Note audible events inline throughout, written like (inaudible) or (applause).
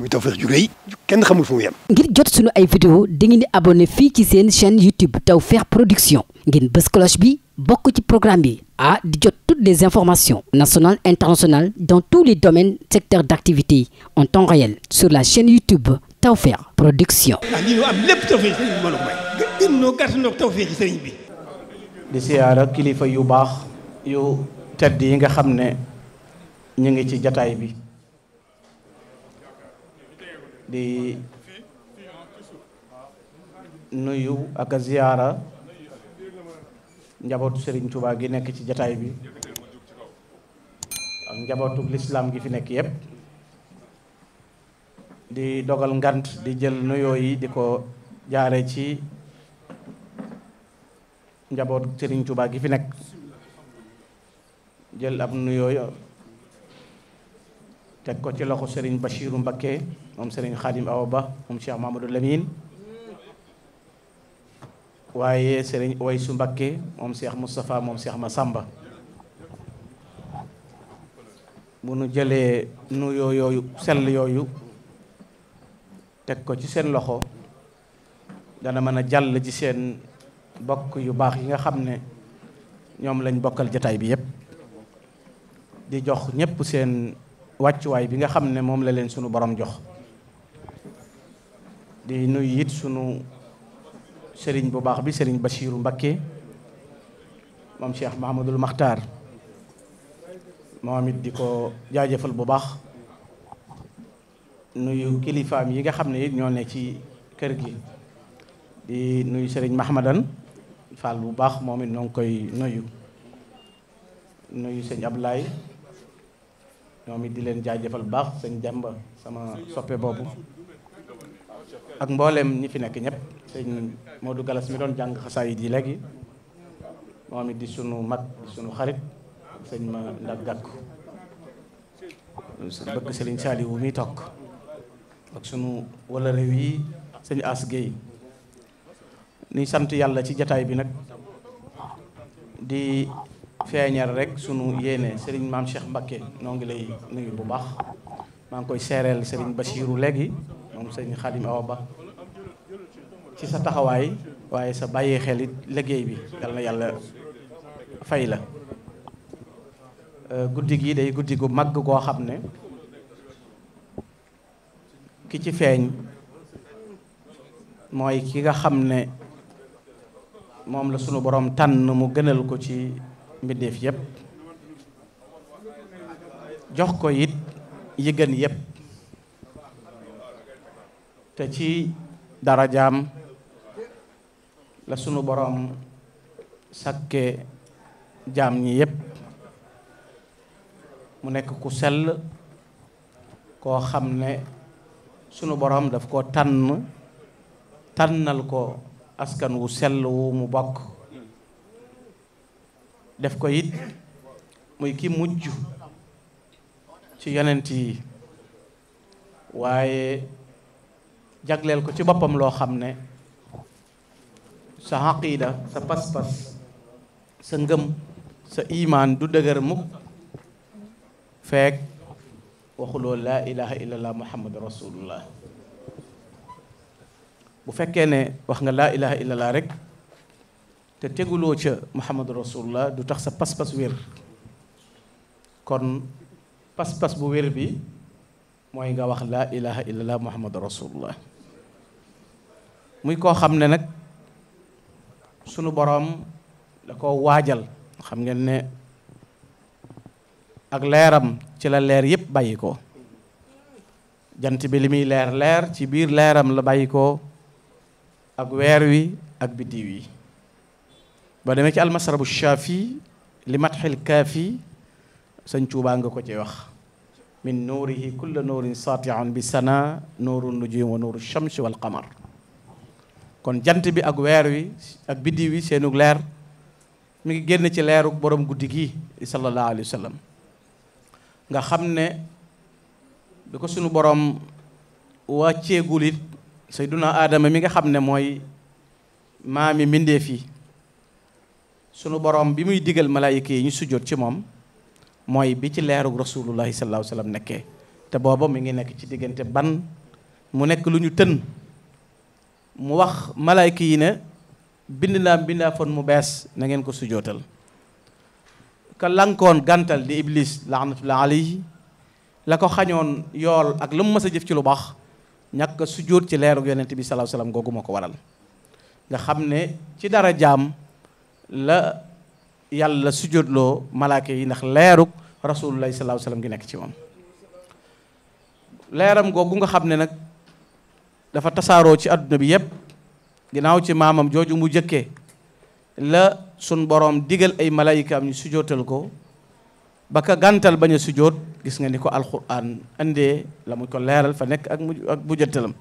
muy Tawfekh ju rëy kenn xamul fu mu ngir jot sunu ay vidéo dangeen di abonné fii ci seen chaîne YouTube Tawfekh Production ngeen bës cloche bi bokk ci programme bi ah di jot toutes les informations national internationales dans tous les domaines secteurs d'activité en temps réel sur la chaîne YouTube Tawfekh Production. ah lii ñu am lépp Tawfekh sëriñ bi bi. di siyaara kilifa yu baax yu tedd yi nga xam ne ñu ngi ci jataay bi. di nuyu ak a ziyaara njabootu Serigne Touba gi nekk ci jataay bi njabootu lislaam gi fi nekk yépp di dogal ngant di jël nuyoo yi di ko jaare ci njabootu Serigne Touba gi fi nekk jël ab nuyoo teg ko ci loxo Serigne Bachirou Mbacké moom Serigne Khadim Awa Ba moom Cheikh Mamadou Lamine waaye Serigne Waysu Mbacké moom Cheikh Moustapha moom Cheikh Massamba bu nu jëlee nuyoo yooyu sell yooyu teg ko ci seen loxo dana mën a jàll ci seen bokk yu baax yi nga xam ne ñoom lañ bokkal jataay bi yépp di jox ñépp seen wàccuwaay bi nga xam ne moom la leen sunu borom jox di nuyu it sunu sëriñ bu baax bi sëriñ Bachiru Mbakke moom Cheikh Mahamadul Maxtaar moom it di ko jaajëfal bu baax nuyu kilifaam yi nga xam ne ñoo ne ci kër gi di nuyu sëriñ Mahamadan Fall bu baax moom it ñoo koy nuyu nuyu sëñ Ablaay ñoom it di leen jaajëfal baax sëñ jàmba sama soppe boobu ak mbooleem ñi fi nekk ñëpp sëñ Modou Galas mi doon jàng xasaayid yi léegi moom it di sunu mag di sunu xarit sëñ ma ndag gàkku bëgg sëriñ Saaliwu mi toog ak sunu wala réew yi sëñ As Guèye ni sant yàlla ci jataay bi nag di feeñal rek sunu yéene sëriñ maam Cheikh Mbacké noo ngi lay nuyu bu baax maa ngi koy seereel sëriñ Bachirou léegi moom sëriñ Khadim Ba ci sa taxawaay waaye sa bàyyee xel it liggéey bi yal yàlla fay la euh, guddi gi day guddi gu mag goo xam ne ki ci feeñ mooy ki nga xam ne moom la sunu boroom tànn mu gënal ko ci mbindeef yépp jox ko it yi gën yépp te ci dara darajaam la sunu boroom sakke jaam ñi yépp mu nekk ku sel koo xam ne sunu borom daf ko tànn tànnal ko askan wu sell wu mu bokk def ko it muy kii mujj ci yonent yi waaye jagleel ko ci boppam loo xam ne sa xaqiida sa pas-pas sa ngëm sa imaan du dëgër mukk feek waxuloo laa ilaha illallah muhammad rasulullah bu fekkee ne wax nga laa ilaha illallah rek te teguloo ca muhammadu rasulullah du tax sa pas-pas wér kon pas-pas bu wér bi mooy nga wax laa ilaha illallah muhammadu rasulullah muy koo xam ne nag sunu boroom da koo waajal xam ngeen ne ak leeram ci la leer yépp bàyyi ko jant bi li muy leer leer ci biir leeram la bàyyikoo ak weer wi ak biddiw yi ba demee ci almasrabu shaafi li matxil kaafi sëñ Tuubaa nga ko ci wax min nuurihi kulla nuurin saatian bi sana nuuru nujum wa nuuru shamsi wal qamar kon jant bi ak weer wi ak biddiw wi seenug leer mi ngi génn ci leerug boroom guddi gi sallallahu alayhi wa sallam nga xam ne bi ko sunu boroom wàcceegul it sayduna aadama mi nga xam ne mooy maami mbindeef yi sunu boroom bi muy digal malaayika yi ñu sujjóot ci moom mooy bi ci leerug rasulullahi sallallahu alayhi wa sallam nekkee te booba mi ngi nekk ci diggante ban mu nekk lu ñu tën mu wax malaayika yi ne bind naa bindaa fon mu bees na ngeen ko sujootal ka lankoon gàntal di iblis laanatullah alayhi la ko xañoon yool ak lu mu mës a jëf ci lu baax ñàkk a sujoot ci leerug yonent bi sallallahu alayhi wa ko waral nga xam ne ci dara jaam la yàlla sujjóotloo malaaka yi ndax leeruk rasulullahi salaahu salaam gi nekk ci moom leeram googu nga xam ne nag dafa tasaaroo ci àdduna bi yépp ginnaaw ci maamam jooju mu jëkkee la sun boroom digal ay malaayika ñu sujootal ko ba ka gàntal bañ a sujoot gis nga ni ko alquran andee la mu ko leeral fa nekk ak mu ak bu jëttalam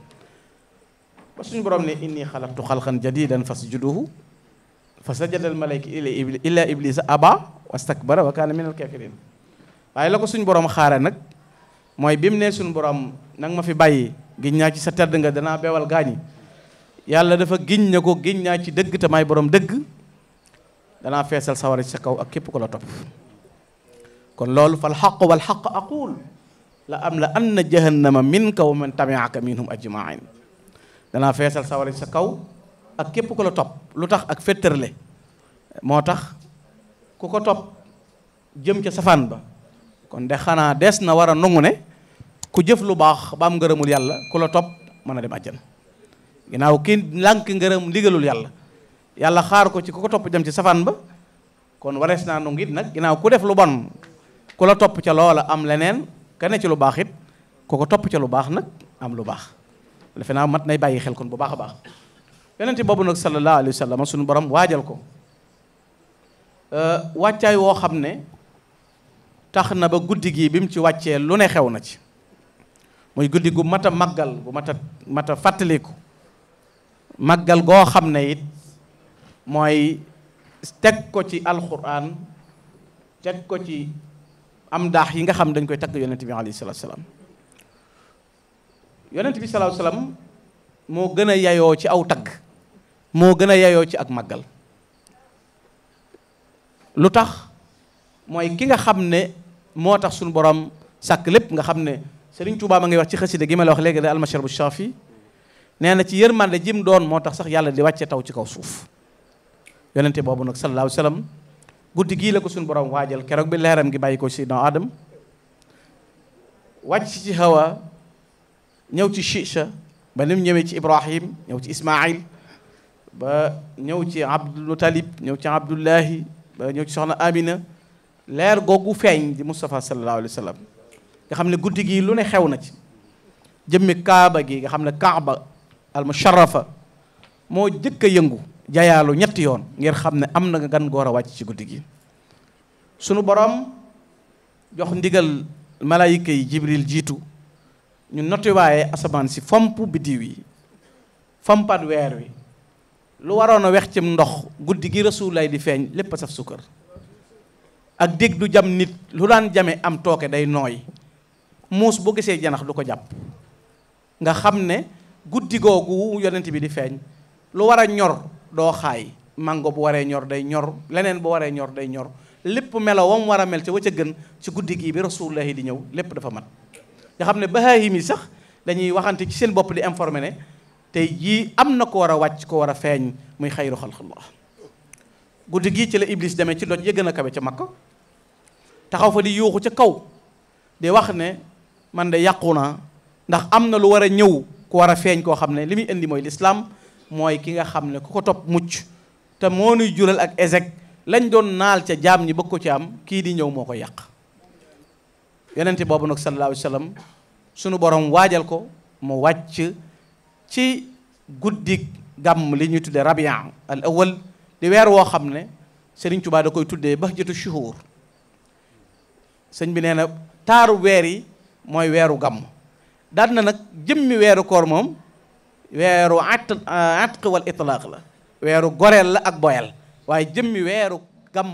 ba suñu borom ne inni xalaqtu xalqan jadidan fasjuduhu fa sajada al malayka illa iblisa aba wastakbara wa kaana min al kafirin waaye la ko suñ borom xaare nag mooy bi mu nee suñ boroom nag ma fi bàyyi giñ naa ci sa tedd nga danaa beewal gaañi yàlla dafa giñ na ko giñ naa ci dëgg te maay dëgg danaa feesal sawara ci sa kaw ak képp ko la topp kon loolu fa xaq wal xaq aqul la am la anna jahannama minka wa man tamiaka minhum ajmain danaa feesal sawara ci sa kaw ak képp ku la topp lu tax ak féttarle moo tax ku ko topp jëm ca safaan ba kon de xanaa des na war a nangu ne ku jëf lu baax ba am ngërëmul yàlla ku la topp mën a dem àjjana ginnaaw ki lànk ngërëm ndigalul yàlla yàlla xaar ko ci ku ko topp jëm ca safaan ba kon wa des naa nangu it nag ginaaw ku def lu bon ku la topp ca loola am leneen ka ne ci lu baax it ku ko topp ca lu baax nag am lu baax defe naa mat nay bàyyi xel kon bu baax a baax yonente boobu nag sallallahu alayhi wa suñu borom waajal ko euh, wàccaay woo xam ne tax na ba guddi gii bi mu ci wàccee lu ne xew na ci muy guddi gu mat a màggal gu mat a fàttaliku màggal goo xam ne it mooy teg ko ci alquran teg ko ci am daax yi nga xam dañ koy tagg yonent bi alayhi salaatu salaam yonent bi salaatu salaam moo gën a yayoo ci aw tagg moo gën a yayoo ci ak maggal lu tax mooy ki nga xam ne moo tax suñu borom sàkk lépp nga xam ne Sëriñ Tuubaa ma ngi wax ci xasida gi ma la wax léegi da almashar bu shafi nee na ci yërmande jim doon moo tax sax yàlla di wàcce taw ci kaw suuf yonente boobu nag sallallahu alayhi wa sallam guddi gii la ko suñu borom waajal keroog bi leeram gi bàyyi ko Seydina Adam wàcc ci Hawa ñëw ci Chicha ba ni ñëwee ci Ibrahim ñëw ci Ismaïl ba ñëw ci Abdul Talib ñëw ci Abdullahi ba ñëw ci soxna Amina leer googu feeñ di Moustapha sallallahu alayhi nga xam ne guddi gi lu ne xew na ci jëmmi Kaaba gi nga xam ne Kaaba al musharrafa moo jëkk yëngu jayaalu ñetti yoon ngir xam ne am na gan goor a wàcc ci guddi gi sunu borom jox ndigal malaayika yi jibril jiitu ñu notiwaaye asamaan si fomp biddiw yi fompaat weer wi lu waroon a wex cim ndox guddi gi rasuulaay di feeñ lépp a saf sukkar ak dég du jam nit lu daan jame am tooke day nooy muus bu gisee janax du ko jàpp nga xam ne guddi googu yonent bi di feeñ lu war a ñor doo xaay mango bu waree ñor day ñor leneen bu waree ñor day ñor lépp melo wam war a mel ci wa ca gën ci guddi gii bi rasuulaay di ñëw lépp dafa mat nga xam ne bahaahim yi sax dañuy waxante ci seen bopp di informé ne te jii am na ko war a wàcc ko war a feeñ muy xayru xalqullah guddi gii ci la iblis demee ci loj ya gën a kawe ca makka taxaw fa di yuuxu ca kaw di wax ne man de yàqu naa ndax am na lu war a ñëw ku war a feeñ koo xam ne li muy indi mooy lislaam mooy ki nga xam ne ku ko topp mucc te moo nuy jural ak échec lañ doon naal ca jaam ñi bëgg ko ci am kii di ñëw moo ko yàq yonente boobu nag sallallahu alayhi sunu borom waajal ko mu wàcc ci guddi gàmm li ñuy tuddee rabian al awal di weer woo xam ne Serigne Touba da koy tuddee bahjatu shuhur sëñ bi nee na taaru weer yi mooy weeru gàmm daan na nag jëmmi weeru koor moom weeru at eh, atq wal itlaaq la weeru goreel la ak boyal waaye jëmmi weeru gàmm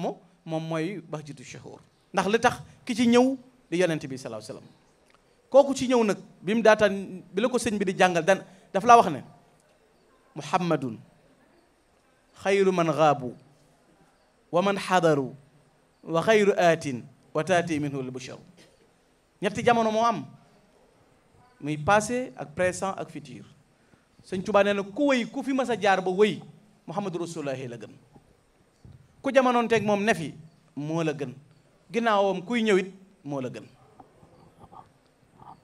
moom mooy bahjatu shuhur ndax li tax ki ci ñëw di yonent bi sallallahu alayhi kooku ci ñëw nag bi mu daataan bi la ko sëñ bi di jàngal dan daf la wax ne muhammadun xayru man xaabu wa man xadaru wa xayru atin wa taati minhu al busharu ñetti jamono moo am muy passé ak présent ak futur sëñ Tuubaa nee na ku wëy ku fi mas a jaar ba wëy muhammadu rasulullahi la gën ku jamonoonteeg moom ne fi moo la gën ginnaawam kuy ñëwit moo la gën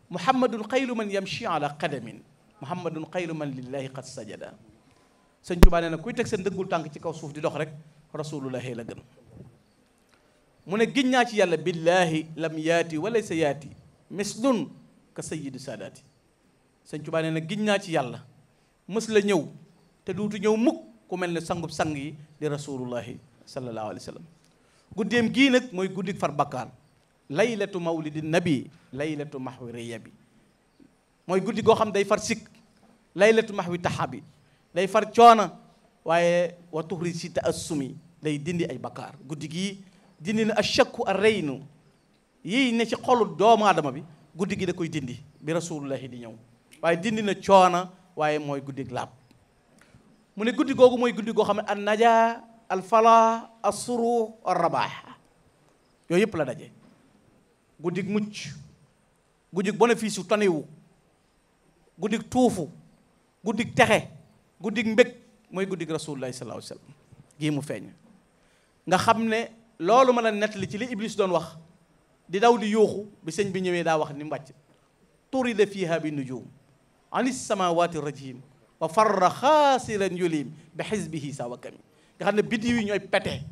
muhammadun xayru man yamshi ala qadamin muhammadun xayru man lillahi qad sajada sëñ Tuubaa nee na kuy teg seen dëggul tànk ci kaw suuf di dox rek rasulullahi la gën mu ne giñ naa ci yàlla billaahi lam yaati walay sa yaati mislun ka sayidi saadaati sëñ Tuubaa nee na giñ naa ci yàlla mës la ñëw te duutu ñëw mukk ku mel ne sangub sang yi di rasulullahi sallallahu alayhi wa guddeem gii nag mooy guddik far bakkaar laylatu mawlidi nabi laylatu mahwi riya mooy guddi goo xam day far sikk laylatu max wi taxabi day far coona waaye wa tuxri si day dindi ay bakkaar guddi gi dindi na ashakku ar reynu yii ci xolu doomu aadama bi guddi gi da koy dindi bi rasulullahi di ñëw waaye dindi na coona waaye mooy guddi laab mu ne guddi googu mooy guddi goo xam ne an najaa al falaa al suru al rabaax yooyu yëpp la daje guddi mucc guddi bénéfice yu tanewu guddik tuufu guddik texe guddik mbég mooy guddik rasulullahi sallallahu alayhi wasallam gii mu feeñ nga xam ne loolu ma la li ci li iblis doon wax di daw di yuuxu bi sëñ bi ñëwee daa wax ni mu wàcc turida fiha bi nujum anis samawati rajim wa farra xaasiran yulim bi xisbihi sa wakami nga xam ne biddiw yi ñooy pete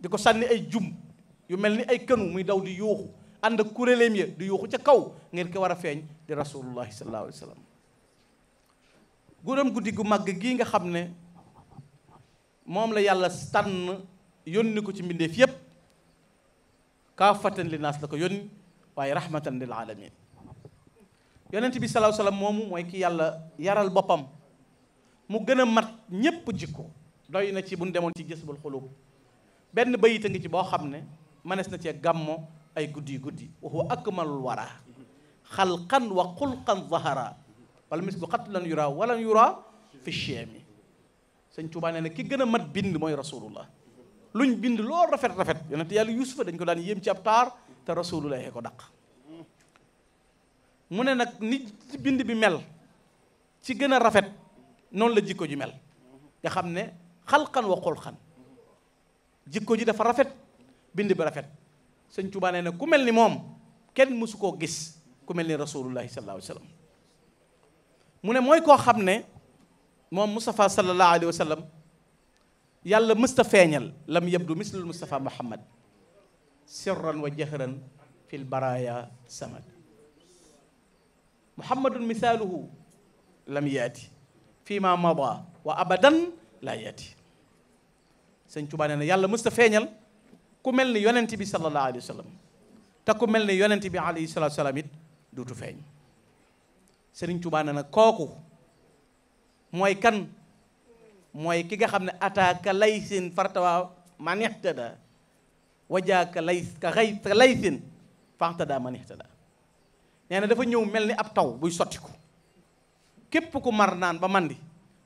di ko sànni ay jum yu mel ni ay kënu muy daw di yuuxu ànd ak kuréeleem ya di yuuxu ca kaw ngir ko war a feeñ di rasulullahi sallallahu alayhi wa sallam guram guddi gu màgg gii nga xam ne moom la yàlla tànn yónni ko ci mbindeef yépp kaafatan li naas la ko yónni waaye rahmatan lil alamin yonent bi salaahu salaam moomu mooy kii yàlla yaral boppam mu gën a mat ñépp jikko doy na ci bu ñu demoon ci jësbul xulub benn bayit a ngi ci boo xam ne mënees na cee gàmmo ay guddi guddi ak huwa akmalul wara xalqan wa xulqan zahara wala mis bu xat lan yura walan yura fi cheemi sëñ Tuubaa nee na ki gën a mat bind mooy rasulullah luñ bind loolu rafet rafet yonent yàlla yusufa dañ ko daan yéem ci ab taar te rasulullah ko daq mu ne nag ni bind bi mel ci gën a rafet noonu la jikko ji mel nga xam ne xalqan wa xulqan jikko ji dafa rafet bind bi rafet sëñ Tuubaa nee na ku mel ni moom kenn mësu koo gis ku mel ni rasulullahi sallallahu alayhi wa sallam mu ne mooy koo xam ne moom Moustapha sallallahu alayhi wa sallam yàlla mësta feeñal lam yabdu mislul Moustapha Muhammad sirran wa jahran fil baraya samad muhammadun misaaluhu lam yaati fii ma mada wa abadan laa yaati sëñ Tuubaa nee na yàlla mësta feeñal ku mel ni yonent bi sallallahu alayhi wa sallam ku mel ni yonent bi alayhi salatu salaam it duutu feeñ Sëriñ Tuubaa na kooku mooy kan mooy ki nga xam ne ataaka laysin fartawaa manixtada wajaaka lay ka xay ka laysin fantada manixtada nee dafa ñëw mel ni ab taw buy sottiku képp ku mar naan ba mandi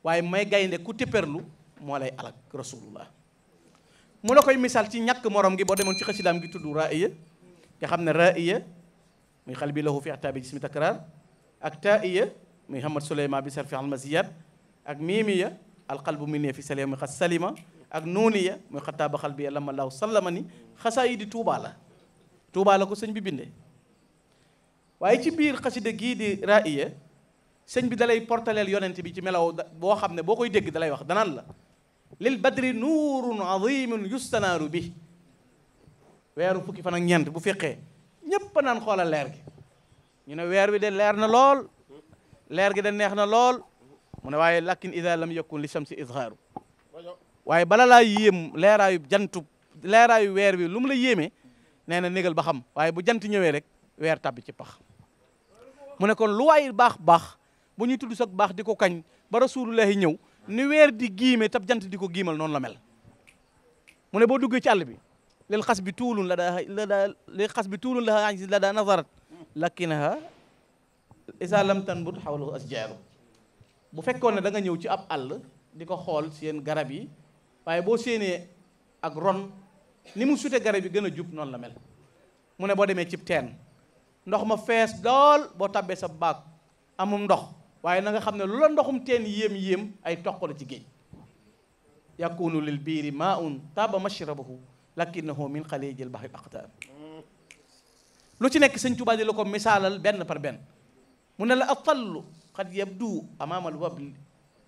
waaye may gaynde ku tépperlu moo lay alak rasulullah mun la koy misaal ci ñàkk morom gi boo demoon ci xasidaam gi tudd raiya nga xam ne raiya muy xal bi lahu fi ataabi jismi takraar ak taiya muy hamad suleyman bi sarfi almasiyat ak miimiya alqalbu minni fi salima muy xas salima ak nuuniya muy xataaba xal bi ya lama laaw sallama ni xasaa yi di tuubaa la tuubaa la ko sëñ bi bindee waaye ci biir xasida gii di raiya sëñ bi dalay portaleel yonent bi ci melaw boo xam ne boo koy dégg dalay wax danaan la lil badri nuurun azimun yustanaaru bi weeru fukki fanag ak ñeent bu fekkee ñépp xoola leer gi ñu ne weer wi de leer na lool leer gi de neex na lool mu ne waaye lakin ida lam yakun li shamsi izhaaru waaye bala laa yéem leeraayu jantub leeraayu weer wi lum la yéemee nee na négal ba xam waaye bu jant ñëwee rek weer tàbbi ci pax mu ne kon lu waay baax baax bu ñuy tudd sax baax di ko kañ ba rasulullahi ñëw ni weer di giime tab jant di ko giimal noonu la mel mu ne boo duggee ci àll bi lil xas bi tuulun la daa la daa lil xas bi tuulun la daa la daa nazarat lakkinaha isa lam tanbut xawlahu asjaaru bu fekkoon ne danga ñëw ci ab àll di ko xool seen garab yi waaye boo séenee ak ron ni mu sute garab yi gën a jub noonu la mel mu ne boo demee cib teen ndox ma fees dool boo tabbee sa baag amum ndox waaye na nga xam ne lu la ndoxum teen yéem yéem ay toq la ci géej yakunu lil biiri maa un taaba mashrabuhu lakinnahu min xaliijil bahri aqtaab lu ci nekk sëñ Tuubaa di la ko misaalal benn par benn mu ne la atallu xad yabdu amaamal wabli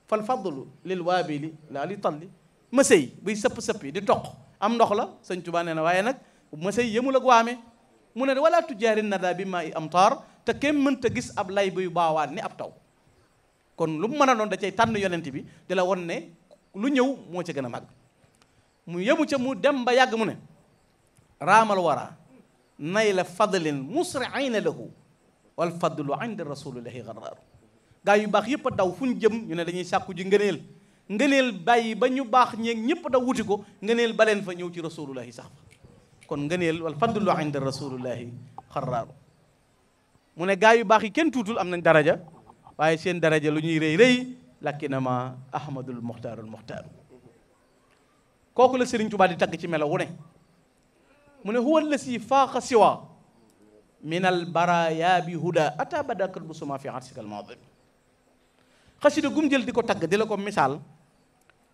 fal fadlu lil waabili laa li talli mësëy buy sëpp-sëppi di toq am ndox la sëñ Tuubaa nee na waaye nag mësëy yëmul ak waame mu ne wala tujaari nada bi maa am amtaar te kenn ta gis ab lay buy baawaan ni ab taw kon lu mu mën a doon da cay tànn yonent bi di la won ne lu ñëw moo ca gën a màgg mu yemu ca mu dem ba yàgg mu ne raamal wara nay la fadlin musriina lahu wal fadlu inda rasulillahi garaaru gaa yu baax yëpp daw fu jëm ñu ne dañuy sàkku ji ngëneel ngëneel bàyyi ba ñu baax ñeeg ñëpp daw wuti ko ngëneel baleen fa ñëw ci rasulullahi sax kon ngëneel wal fadlu inda rasulillahi garaaru mu ne gaa yu baax yi kenn tuutul am nañ daraja waaye seen daraja lu ñuy rëy rëy lakki na ma ahmadul muxtaarul muxtaaru kooku la Sëriñ Tuubaa di tagg ci melo wu ne mu ne huwa lasi faaqa siwa min al baraya bi huda ata badakat bu suma fi arsikal maadim xasida gum jël di ko tagg di la ko misaal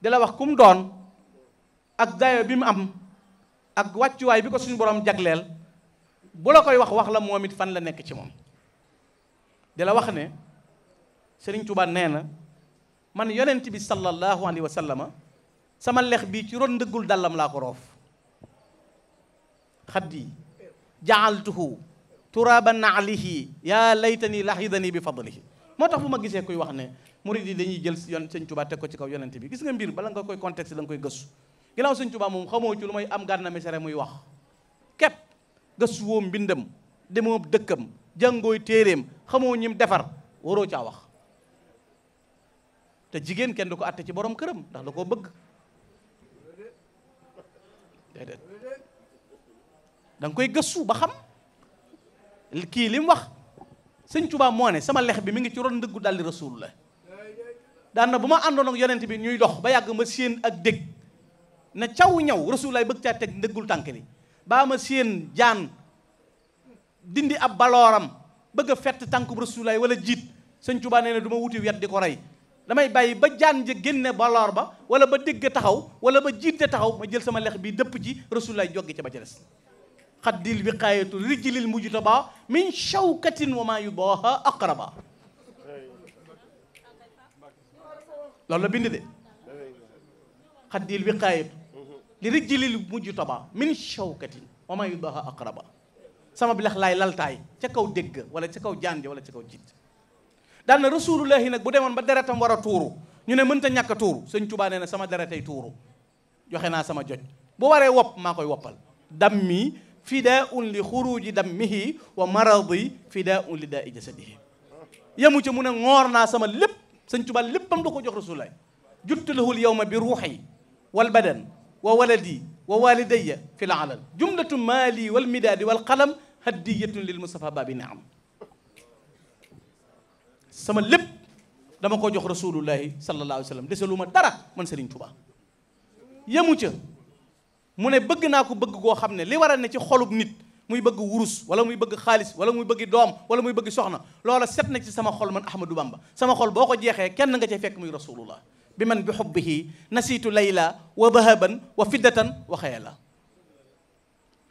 di la wax kum doon ak dayo bi mu am ak wàccuwaay bi ko suñu borom jagleel bu la koy wax wax la moom it fan la nekk ci moom di la wax ne sëriñ Tuubaa nee na man yonent bi sallallahu alayhi wa sallama sama lex bii ci ron ndëggul dàllam laa ko roof xaddi jaaltuhu turaaba naalihi yaa laytani lahidani bi fadlihi moo tax bu ma gisee kuy wax ne murid yi dañuy jël yoon sëñ teg ko ci kaw yonent bi gis nga mbir bala nga koy contexte da nga koy gëstu ginnaaw sëñ Tuubaa moom xamoo ci lu may am gànna mesere muy wax képp gëstu woo mbindam demoo dëkkam jàngooy téeréem xamoo ñim defar waroo caa wax te jigéen kenn du ko atte ci borom këram ndax da koo bëgg danga koy gëstu ba xam kii li mu wax sëñ Tuubaa moo ne sama lex bi mi ngi ci ron ndëggu daldi rasul la daan bu ma àndoon ak yonent bi ñuy dox ba yàgg ma séen ak dégg na caw ñaw rasul lay bëgg caa teg ndëggul tànk li baa ma séen jaan dindi ab balooram bëgg a fett tànk bu rasul lay wala jiit sëñ Tuubaa nee na du wuti wet di ko rey damay bàyyi ba jaan ja génne baloor ba wala ba dégg taxaw wala ba a taxaw ma jël sama lex bi dëpp ci lay joggi ci ba ca des xaddil wiqaayatu rijlil mujtaba min shawkatin wa maa yubaaha aqraba loolu la bind de xaddil wiqaayatu li rijlil mujtaba min shawkatin wa maa yubaaha aqraba sama bi lex laay laltaay ca kaw dégg wala ca kow jaan ja wala ca kaw jiit daal na rasulullahi nag bu demoon ba deretam war a tuuru ñu ne mënta ñàkk a tuuru sëñ Tuubaa nee na sama deretay tuuru joxe naa sama joj bu waree wop maa koy woppal dammi fidaun li xuruji dammihi wa maradi fidaun li daai jasadihi yemu ca mu ne ngoor naa sama lépp sëñ Tuubaa léppam da ko jox rasulullahi juttulahul yawma bi ruuxi wal badan wa waladi wa walidayya fi l alal jumlatu maali wal midaadi wal qalam haddiyatun lil mustafa baabi naam sama lépp dama ko jox rasulullahi sallallahu alayhi wa sallam desalu ma dara man Serigne Touba yemu ca mu ne bëgg naa ko bëgg koo xam ne li waral ne ci xolub nit muy bëgg wurus wala muy bëgg xaalis wala muy bëgg doom wala muy bëgg soxna loola set na ci sama xol man Ahmadou Bamba sama xol boo ko jeexee kenn nga cay fekk muy rasulullah bi man bi xubbihi nasiitu layla wa bahaban wa fiddatan wa xayala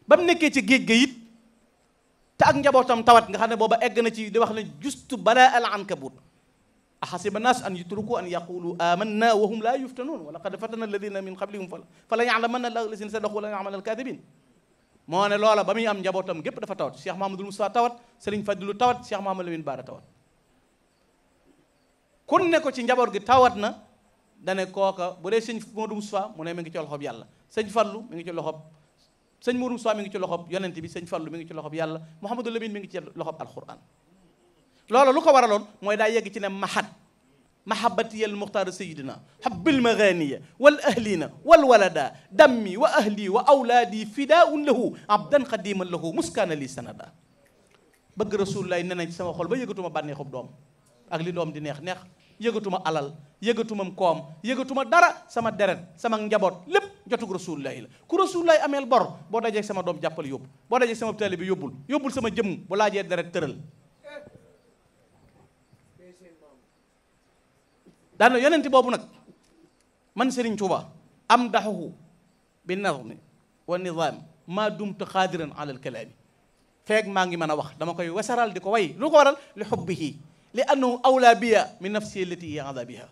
ba mu nekkee ci géej ga it te ak njabootam tawat nga xam ne booba egg na ci di wax ne justu balaa al ankabut ahasiba naas an yutruku an yaqulu amanna wa hum laa yuftanuun wa laqad fatana alladina min qablihum fa fa la yalamanna allahu alladina sadaqu wa la yalamanna alkadibin moo ne loola ba muy am njabootam gépp dafa tawat Cheikh Mahamadul Moustapha tawat Sëriñ Fadilu tawat Cheikh Mahamadul Amin Baara tawat kun ne ko ci njaboot gi tawat na dane kooka bu dee sëñ Modou Moustapha mu ne mi ngi ci loxob yàlla sëñ Fallu mi ngi ci loxob sëñ Mourou Sow mi ngi ci loxob yonent bi sëñ Fallu mi ngi ci loxob yàlla Mouhamadou Lamine mi ngi ci loxob alquran loola lu ko waraloon mooy daa yegg ci ne mahat mahabatiyal muxtaar sayidina habbil maganiya wal ahlina wal walada dammi wa ahli wa awlaadi fidaun lahu abdan xadiman lahu muskaana li sanada bëgg rasulullaay ne nañ ci sama xol ba yëgatuma bànnee xob doom ak li doom di neex neex yëgatuma alal yëgatumam koom yëgatuma dara sama deret sama njaboot lépp jotug rasulullahi la ku rasulullahi ameel bor boo dajee sama doom jàppal yóbbu boo dajee sama taalibe bi yóbbul yóbbul sama jëmm bu laajee deret tëral daana yonente boobu nag man Serigne Touba am daxuhu bi nazmi wa nizaam maa dumtu xaadiran ala alkalaami feeg maa ngi mën a wax dama koy wasaral di ko way lu ko waral li xubbihi li annahu awla biya min nafsi allati yada biha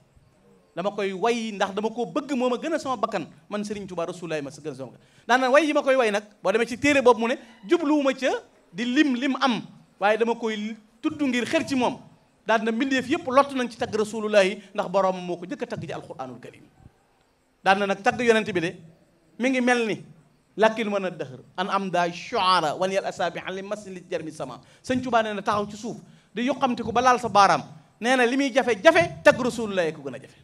dama koy way ndax dama koo bëgg moom a gën a sama bakkan man Serigne Touba rasulaay ma sa gën a sama bakkan ndax nag way yi ma koy way nag boo demee ci ne ca di lim lim am waaye dama koy tudd ngir xër ci moom daal na mbindeef yëpp lott nañ ci tagg rasulullahi ndax borom moo ko njëkk tagg ci alquranul karim na nag tagg yonent bi de mi ngi mel ni lakkin mën a dëxër an am daa shuara wan yal asaabi an li masli sama sëñ Touba nee na taxaw ci suuf di yuqamti ko ba laal sa baaraam nee na li muy jafe-jafe tagg rasulullah ko gën a jafe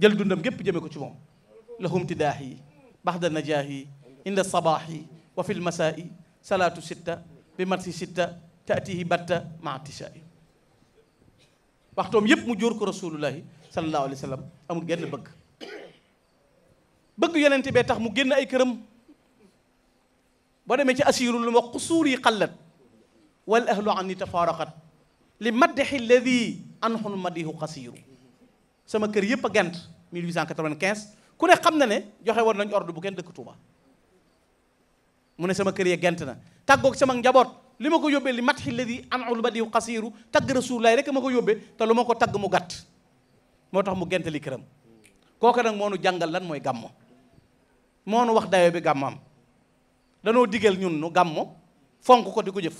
jël dundam gépp jëme ko ci moom lahum tidaahi baxda najaahi inda sabaahi wa fi lmasaai salaatu sitta bi matsi sitta taatihi batta maa tishaai waxtoom yépp mu jóor ko rasulullahi sallallahu alayhi wa sallam amul genn bëgg bëgg yonente bee tax mu genn ay këram boo demee ci asiirul lu ma xusuur yi wal ahlu an ni tafaaraxat li maddehi lladi anhun madihu xasiiru sama kër yëpp a gent 1895 ku ne xam na ne joxe woon nañ ordre bu kenn dëkk Touba mu ne sama kër yee gent na tàggoog sama njaboot li ma ko yóbbee li madhi lladi anhul diw xasiiru tagg rasuulaay rek ma ko yóbbee te lu ma ko tagg mu gàtt moo tax mu gent li këram kooku nag moo nu jàngal lan mooy gàmmo moo nu wax dayo bi gàmmam danoo digal ñun nu gàmmo fonk ko di ko jëf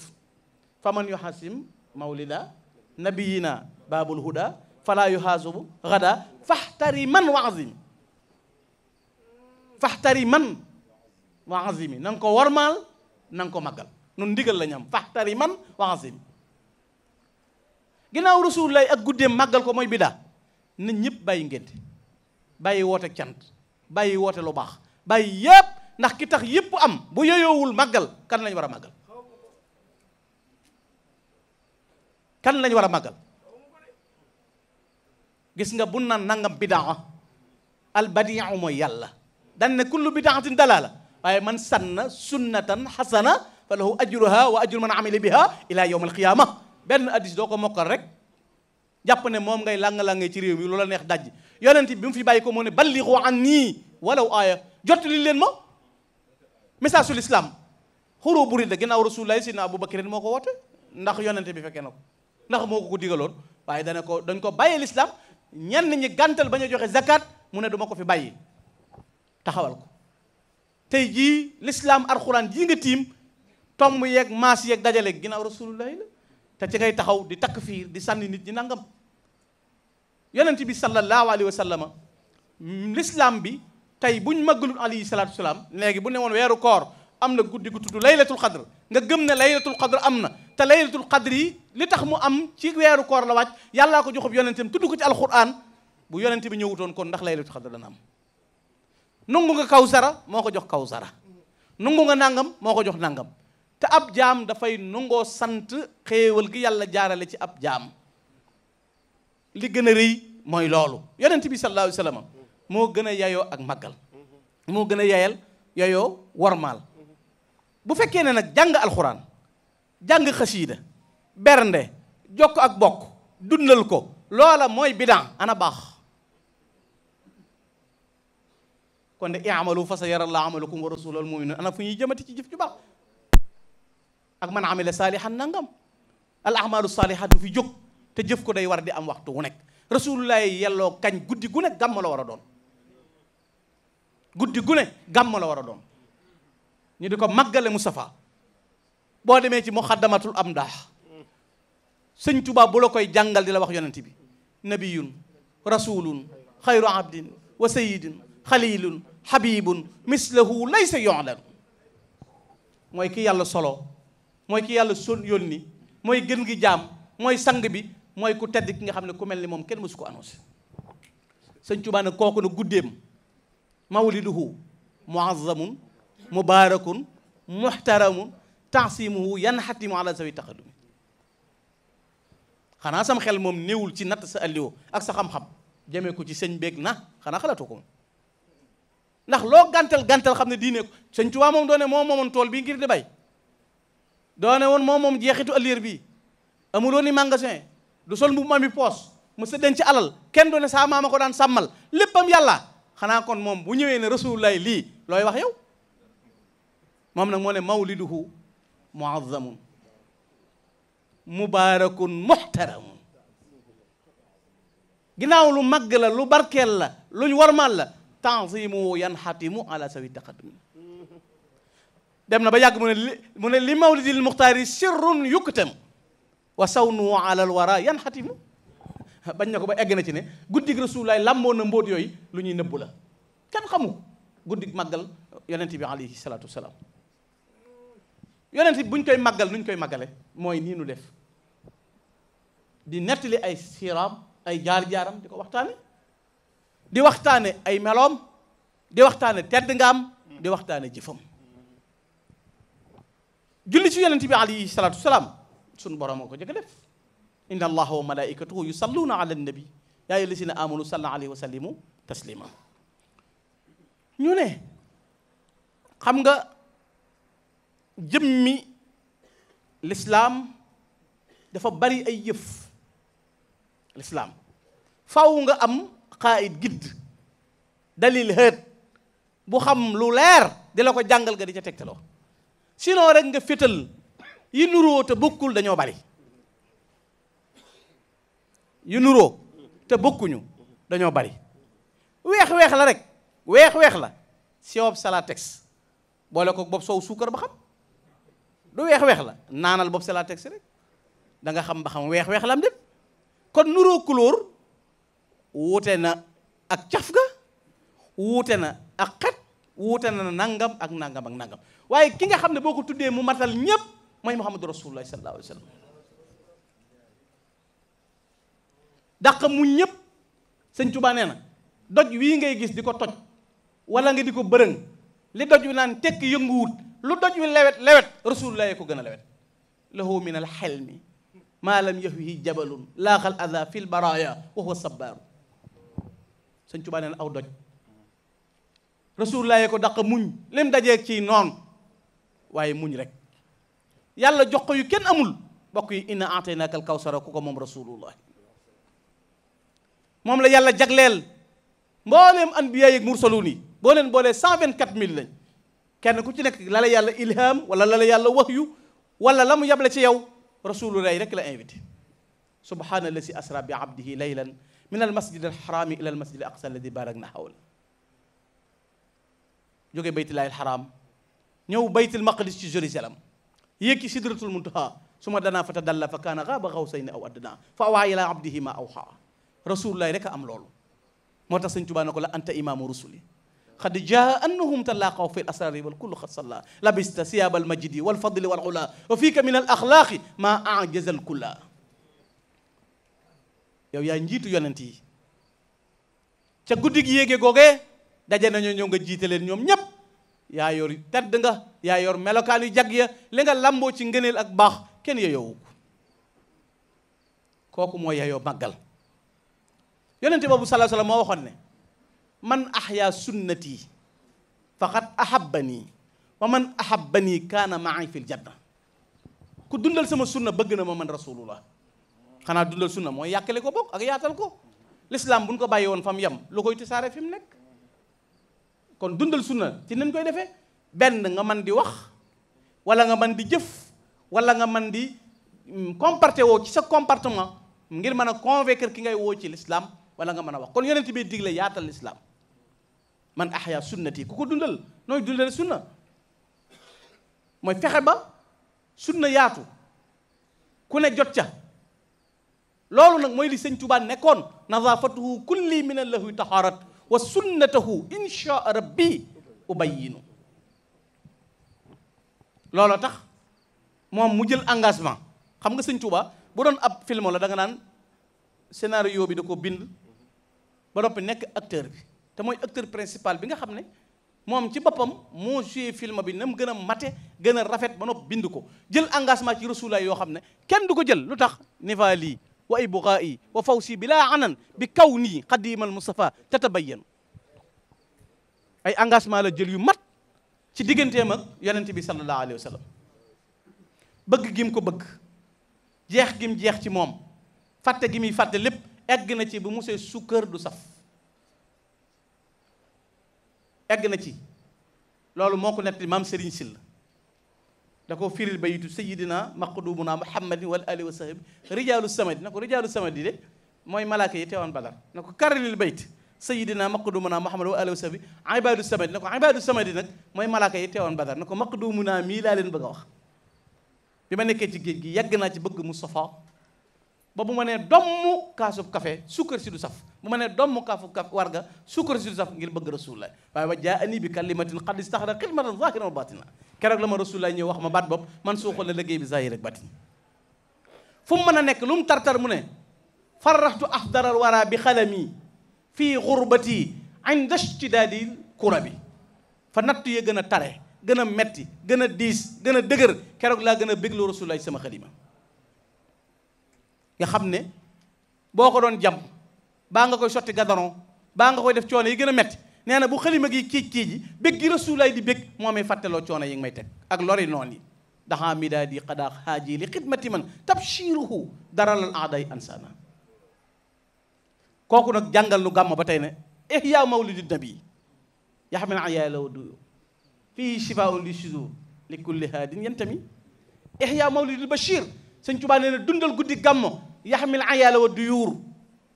faman yuhasim mawlida nabiyina babul huda fala yuhasubu gada fahtari man waazimi fahtari man waazimi na nga ko warmaal na ko màggal nun ndigal la ñu am fahtari man waazimi ginnaaw rasulullah ak guddeem màggal ko mooy bidaa na ñëpp bay ngénte bàyyi woote cant bàyyi woote lu baax bay yépp ndax ki tax yépp am bu yoyoowul màggal kan lañ war a màggal kan lañ war a màggal gis nga bu naan nangam bidaa al badiu mooy yàlla dan ne kullu bidaatin dalaala waaye man sanna sunnatan xasana fa lahu ajruha wa ajru man amila biha ila yawm alqiyama benn addis doo ko mokkal rek jàpp ne moom ngay làng-làngee ci réew mi loola neex daj yonent bi fi bàyyi ko moo ne balligu an nii walaw aaya jottali leen ma message sul islam xuroo buri da ginnaaw rasulullahi sidna abou bacrine moo ko woote ndax yonent bi fekkee ndax moo ko ko digaloon waaye dana ko dañ ko bàyyi lislaam ñenn ñi gàntal ba ñu joxe zakat mu ne duma ko fi bàyyi taxawal ko tey jii lislaam alxuraan jii nga tiim tomb yeeg maas yeeg dajale ginnaaw rasulullahi la te ci ngay taxaw di takk fiir di sànni nit ñi nangam yonent bi sallallahu alayhi wa sallama lislaam bi tey buñ màggalul alayhi salaatu wasalaam léegi bu ne woon weeru koor am na guddi gu tudd laylatul xadr nga gëm ne laylatul xadr am na te laylatul xadr yi li tax mu am ci weeru koor la wàcc yàllaa ko joxub yonentam tudd ko ci alquran bu yonente bi ñëwutoon kon ndax laylatul xadr dana am nungu nga kawsara moo ko jox kawsara nungu nga nangam moo ko jox nangam te ab jaam dafay nungoo sant xéewal gi yàlla jaarale ci ab jaam li gën a rëy mooy loolu yonent bi sallallahu alayhi moo gën a yayoo ak màggal moo gën a yayal yayoo warmaal bu fekkee ne nag jàng alxuraan jàng xasiida bernde jokk ak bokk dundal ko loola mooy bidan ana baax kon de i'malu fa sa yara laa amalakum wa rasulu al muminun ana fu ñuy jëmati ci jëf ju baax ak man amila saalihan nangam al ahmalu saalihat du fi jóg te jëf ko day war di am waxtu wu nekk rasulullah yelloo kañ guddi gu ne la war a doon guddi gu ne gàmm la war a doon ñu di ko màggale Moustapha boo demee ci muxaddamatul am daax sëñ bu la koy jàngal di la wax yonent bi nabiyun rasulun xayru abdin wa sayidin xalilun xabibun mislahu laysa yu'lan mooy ki yàlla solo mooy ki yàlla son yónni mooy gën gi jaam mooy sang bi mooy ku tedd ki nga xam ne ku mel ni moom kenn mësu ko annoncé sëñ Tuubaa ne kooku ne guddeem mawliduhu muazzamun mubaarakun muhtaramun taasimuhu yanxatimu ala sawi taqadumi xanaa sam xel moom néewul ci natt sa alliwo ak sa xam-xam jëmee ko ci sëñ beeg na xanaa xalatu ko moom ndax loo gàntal gàntal xam ne diine ko sëñ Tuubaa moom doone moom moomoon tool bii ngir de bay doone woon moom moom jeexitu ëllëg bi amuloo ni magasin du sol mbubu ma mi poos mu sa ci alal kenn doone saa maama ko daan sàmmal léppam yàlla xanaa kon moom bu ñëwee ne rasulullaay lii looy wax yow moom nag moo ne mawliduhu mu mubaarakun muhtaramun ginnaaw lu màgg la lu barkeel la lu ñu warmal la tanzimu yanxatimu ala sawi taqadum dem na ba yàgg mu ne li mu ne li mawlidil muxtaari sirrun yuktam wa sawnu ala alwara yanxatimu bañ na ko ba egg na ci ne guddig rasulullaay làmboo na mbóot yooyu lu ñuy nëbbu la kenn xamu guddig màggal yonent bi alayhi salaatu wasalaam yonent bi buñ koy màggal nuñ koy màggale mooy niinu nu def di nettali ay siiraam ay jaar-jaaram di ko waxtaane di waxtaane ay meloom di waxtaane tedd ngaam di waxtaane jëfam julli si yonent bi alayhi salaatu wasalaam suñ borom a ko jëkk def inna allaha wa malaikatahu yusalluuna ala nabi yaa ayyuha allazina amanu sallu alayhi wa sallimu taslima ñu xam nga jëmmi lislaam dafa bari ay yëf lislaam faw nga am xaayit gidd dalil hët bu xam lu leer di la ko jàngal nga di ca tegtaloo sinon rek nga fétal yi nuroo te bokkul dañoo bari yu nuroo te bokkuñu dañoo bari weex-weex la rek weex-weex la siwob salatex boole ko bopp soow suukar ba xam du weex-weex la naanal boobu c'est la texte rek da nga xam ba xam weex-weex la am kon nuroo couleur wuute na ak caf ka wuute na ak xet wuute na nangam ak nangam ak nangam waaye ki nga xam ne boo ko tuddee mu matal ñépp mooy muhammadu rasulullah sallallahu alayhi wa sallam dàq mu ñépp sëñ na doj wii ngay gis di ko toj wala nga di ko bërëng li doj wi naan tekk yënguwut lu doj wi lewet lewet rasulullah ko gën a lewet lahu min al xelmi maa lam yahwihi jabalun laaxal ada fi l baraya wa huwa sabbaaru sëñ Tuubaa nee na aw doj ko daq muñ lim dajeeg ci noon waaye muñ rek yàlla jox ko yu kenn amul bokk yi ina aataynaaka al kawsara ku ko moom rasulullah moom la yàlla jagleel mbooleem anbiya yeeg mursaluun yi boo leen boolee cent vingt-quatre mille lañ kenn ku ci nekk la la yàlla ilham wala la la yàlla waxyu wala la mu yable ci yow rasulullahi rek la invité subhaana allazi asra bi abdihi laylan min al masjid al xaraami ila al masjid al aqsa alladi barak na xawla jóge baytillahi al xaraam ñëw baytil maqdis ci Jérusalem yéegi sidratul muntaha suma danaa fa tadalla fa kaana gaaba xawsayni aw adnaa fa awaa ilaa abdihi ma awxaa rasulullahi rek a am loolu moo tax sëñ Tuubaa ne ko la anta imaamu rusuli xad jaa annahum talaaqaw fi l asrari wal kullu xad labista siyaab al majdi wal fadli wal ula wa fiika min al ma ajaza al kulla yow yaa njiitu yonent yi ca guddi gi yéege googee daje nañoo nga jiite ñoom ñépp yaa yor tedd yaa yor melokaan yu jag ya li nga lamboo ci ngëneel ak baax kenn yeyoowu kooku moo yeyoo màggal yonente boobu salaa salaam moo waxoon man ahyaa sunnati faqad ahabbanii wa man ahabbanii kaana maay fil janna ku dundal sama sunna bëgg na ma man rasulullah xanaa dundal sunna mooy yàkkale ko bokk ak yaatal ko l'islam bu ñu ko bàyyi woon fa mu yem lu koy tisaare fi mu nekk kon dundal sunna ci nañ koy defee benn nga man di wax wala nga man di jëf wala nga man di mm, comporté woo ci sa comportement ngir mën a convaincre ki ngay woo ci l'islam wala nga mën a wax kon yonent bi digle yaatal l'islam man ahya sunnati ku ko dundal nooy dundale sunna mooy fexe ba sunna yaatu ku ne jot ca loolu nag mooy li sëñ Tuubaa nekkoon nazaafatuhu kulli min allahu taharat wa sunnatahu insha rabbi ubayyinu looloo tax moom mu jël engagement xam nga sëñ Tuubaa bu doon ab film la da nga naan bi da ko bind ba noppi nekk acteur bi te mooy acteur principal bi nga xam ne moom ci boppam moo joué film bi na mu gën a mate gën a rafet ba nopp bind ko jël engagement ci rasulaay yoo xam ne kenn du ko jël lu tax nifaali wa ibqaa'i wa fawsi bila anan bi kaw nii xadimal Mustafa tatabayyan ay engagement la jël yu mat ci digganteem ak yonent bi sallallahu alayhi wa bëgg gim ko bëgg jeex gim jeex ci moom fàtte gi muy fàtte lépp egg na ci bu mu see sukkër du saf egg na ci loolu moo ko nett maam Serigne na da ko firil bayitu sayidina maqdumuna muhammadin wal ali wa sahbi rijaalu samadi na ko rijaalu samadi de mooy malaaka yi teewoon badar na ko karalil bayt sayidina maqdumuna muhammad wa ali wa sahbi ibadu samadi na ko ibadu samadi nag mooy malaaka yi teewoon badar na ko maqdumuna mii laa leen bëgg a wax bi ma nekkee ci géej gi yàgg naa ci bëgg Mustafa ba bu ma nee domm kaasub café sukkar si du saf bu ma nee domm kaasub café warga sukkar si du saf ngir bëgg rasulullah waaye wa jaa ani bi kalimatin qad istaxra xidmatan zahiran wa batina a la ma rasulullah ñëw wax ma baat bopp man suuxal la liggéey bi zahir ak batin fu mu mën a nekk lu mu tartar mu ne farraxtu axdaral wara bi xalami fii xurbati inda shtidaadi kurabi fa nattu ye gën a tare gën a metti gën a diis gën a dëgër keroog laa gën a béglu rasulullah sama xalima nga xam ne boo ko doon jam baa nga koy sotti gadaron baa nga koy def coono yi gën a metti nee na bu xalima gi kiij kiij yi bég gi rasulaay di bég moo may fàtteloo coono yi ngi may teg ak lori noon yi daxaa midaa di xadaa xaaji li xidmati man tabshiruhu daralal aaday ansana kooku nag jàngal nu gàmm ba tey ne ihya eh mawlidi nabi yax men ayaa la du fii shifaun li sudur li kulli haadin yentami ihya eh mawlidil bashir sëñ Tuubaa nee na dundal guddi gàmmo yaxmil ayaala wa duyuur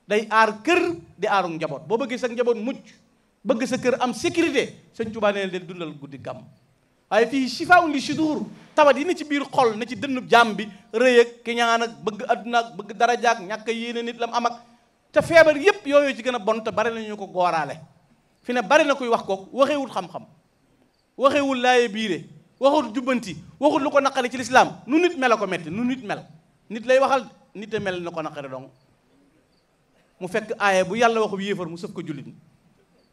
day aar kër di aaru njaboot boo bëggee sa njaboot mucc bëgg sa kër am sécurité sëñ Tuubaa nee na del dundal guddi gàmm waaye fii shifaa'un si sudur tawat yi ne ci biir xol na ci dënnu jaam bi rëy ak kiñaan ak bëgg adduna bëgg daraja ak ñàkk a yéene nit lam am ak te feebar yépp yooyu ci gën a bon te bari nañu ko gooraale fi ne bari na koy wax kooku waxeewul xam-xam waxeewul laaye biire waxewul waxut lu ko naqari ci lislaam nu nit mel a ko metti nu nit mel nit lay waxal nit a mel na ko naqari dong mu fekk aaye bu yàlla waxu yéefar mu sëf ko jullit ñi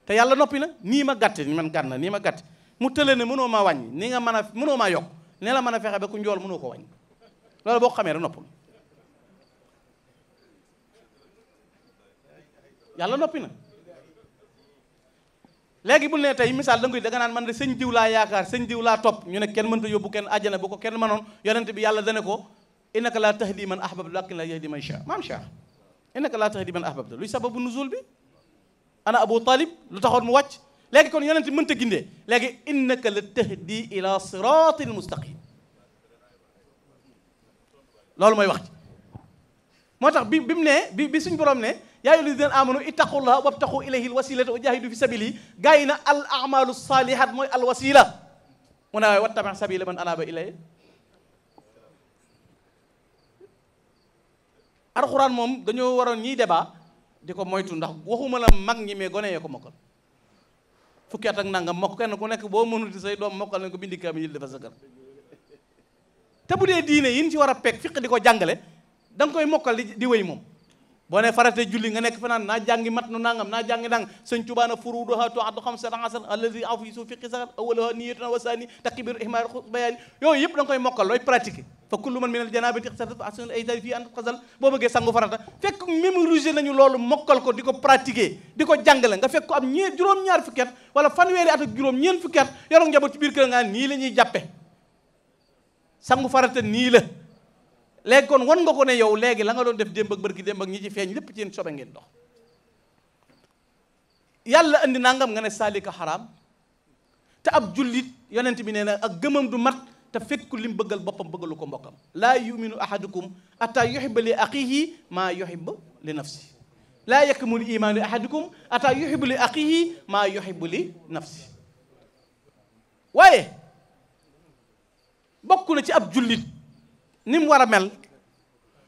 te yàlla noppi na nii ma gàtt man gàtt na nii ma gàtt mu tële ne mënoo maa wàññi ni nga mën a mënoo maa yokk nee la mën a fexe ba ku njool mënoo ko wàññi loolu boo xamee rek noppul yàlla noppi na léegi bu ne tey misaal da nga koy da nga naan man de sëñ diw laa yaakaar sëñ diw laa topp ñu ne kenn mënta yóbbu kenn àjjana bu ko kenn mënoon yonent bi yàlla dane ko innaka laa tahdi man ahbabta walakin laa yahdi man shaa maam Cheikh innaka laa tahdi man ahbabta luy sababu nuzul bi ana Abu Talib lu taxoon mu wàcc léegi kon yonent mënta gindee léegi innaka la tahdi ila siratin mustaqim loolu mooy wax ci moo tax bi bi mu ne bi bi suñ borom ne yaa ayyuha alladina amanu ittaqullaha wabtaqu ilayhi alwasilata wa jahidu fi sabili gaa yi na al amalu salihat mooy al wasila mu ne waaye wattabi sabila man anaba ilay alxuraan moom dañoo waroon ñii débat di ko moytu ndax waxuma la mag ñi mais gone yee ko mokkal fukki at ak nangam mokk kenn ku nekk boo mënul di say doom mokkal nañ ko bindi kaamil dafa sa kër te bu dee diine yi ñu ci war a peg fiq di ko jàngale da koy mokkal di wéy moom boo ne farate julli nga nekk fanaan naa jàngi mat nu nangam naa jàngi nang sëñ Tuubaa na furuuduhaa tuaddu xamsatan asran allazi aw fi suuf fiqi saxat awalaha niyatun wa yooyu yëpp da nga koy mokkal looy pratiqué fa kullu man min al janabati iqtasala fa ko di ko pratiqué di ko jàngale nga fekk ko am ñee juróom-ñaar fukki at wala fanweeri at ak juróom ñeen fukki at yoroo njaboot ci biir kër nga nii la ñuy jàppe sangu farata nii la léegi kon wan nga ko ne yow léegi la nga doon def démb ak bërki démb ak ñi ci feeñ lépp ci yéen sobe ngeen dox yàlla andi nangam nga ne saalika xaraam te ab jullit yonent bi nee na ak gëmam du mat te fekkul lim bëggal boppam bëggalu ko mbokkam laa yuminu ahadukum ataa yuhibba li axihi maa yuhibba li nafsi laa yakmul imaanu ahadukum ataa yuhibbu li axihi maa yuhibbu li nafsi waaye bokk ci ab jullit ni mu war a mel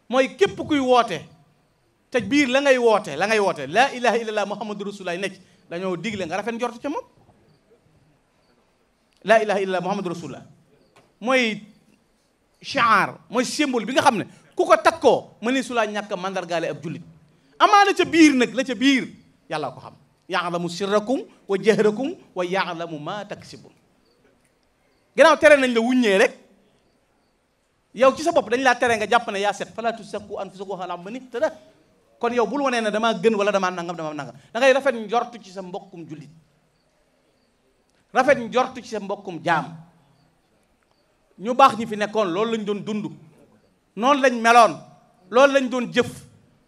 mooy képp kuy woote te biir la ngay woote la ngay woote la ilaha illallah muhammadu rasulullah nekk dañoo digle nga rafet njort ca moom laa ilaha illallah muhammadu rasulullah mooy shiar mooy symbole bi nga xam ne ku ko takkoo mëni su laa ñàkk mandargaale ab jullit amaa la ca biir nag la ca biir yàlla ko xam yaalamu sirrakum wa jahrakum wa yaalamu ma taksibun gannaaw tere nañ la wuñ wuññee rek yow ci sa bopp dañ laa tere nga jàpp ne yaa set fala tuzakku anfusakum ala man ihtada kon yow bul wanee ne damaa gën wala damaa nangam damaa nangam da ngay rafet njortu ci sa mbokkum jullit rafet njortu ci sa mbokkum jaam ñu baax ñi fi nekkoon loolu lañ doon dund noonu lañ meloon loolu lañ doon jëf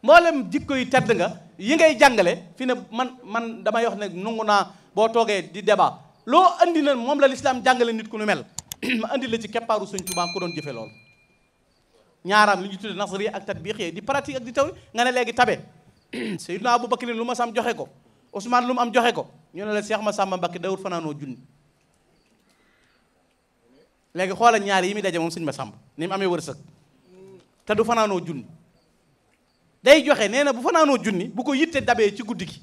mboolem jikko yi tedd nga yi ngay jàngale fi ne man man damay wax ne nungu naa boo toogee di débat loo andi na moom la lislaam jàngale nit ku nu mel (clears throat) ma andi la ci keppaaru Sëñ Tuubaa ku doon jëfe loolu ñaaraam lu ñu tudde nasri ak tatbiq xee di pratique ak di taw nga ne léegi tabe (clears throat) Seydina Aboubacar lu ma sam joxe ko Ousmane lu mu am joxe ko ñu ne la Cheikh Massamba Mbacké dawul fanaanoo junni léegi xoola ñaari yi muy daje moom sëñ ma ni mu amee wërsëg te du fanaanoo junni day joxe nee na bu fanaanoo junni bu ko yitte dabee ci guddi gi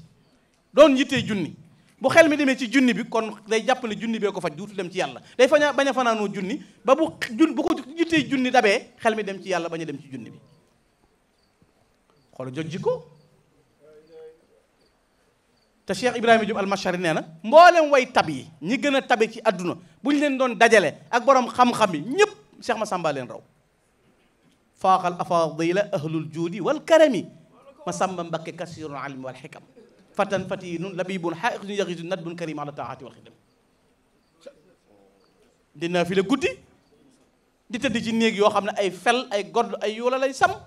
doon yittee junni bu xel mi demee ci junni bi kon day jàppale junni bee ko faj duutu dem ci yàlla day faña bañ a fanaanoo junni ba bu jun bu ko jutee junni dabee xel mi dem ci yàlla bañ a dem ci junni bi xool joj jikko te Cheikh Ibrahima Diop almashari nee na mboolem way tab yi ñi gën a tabe ci àdduna bu ñu leen doon dajale ak borom xam-xam yi ñëpp Cheikh Massamba leen raw faaxal afaadila ahlul juudi wal karami Massamba Mbakke kasirul almi wal xikam fatan fatinun labibun xaa'iqun yaxiisu nadbun karim ala taati wal xidam dinaa fi guddi di tëdd ci néeg yoo xam ne ay fel ay godd ay yoola lay sam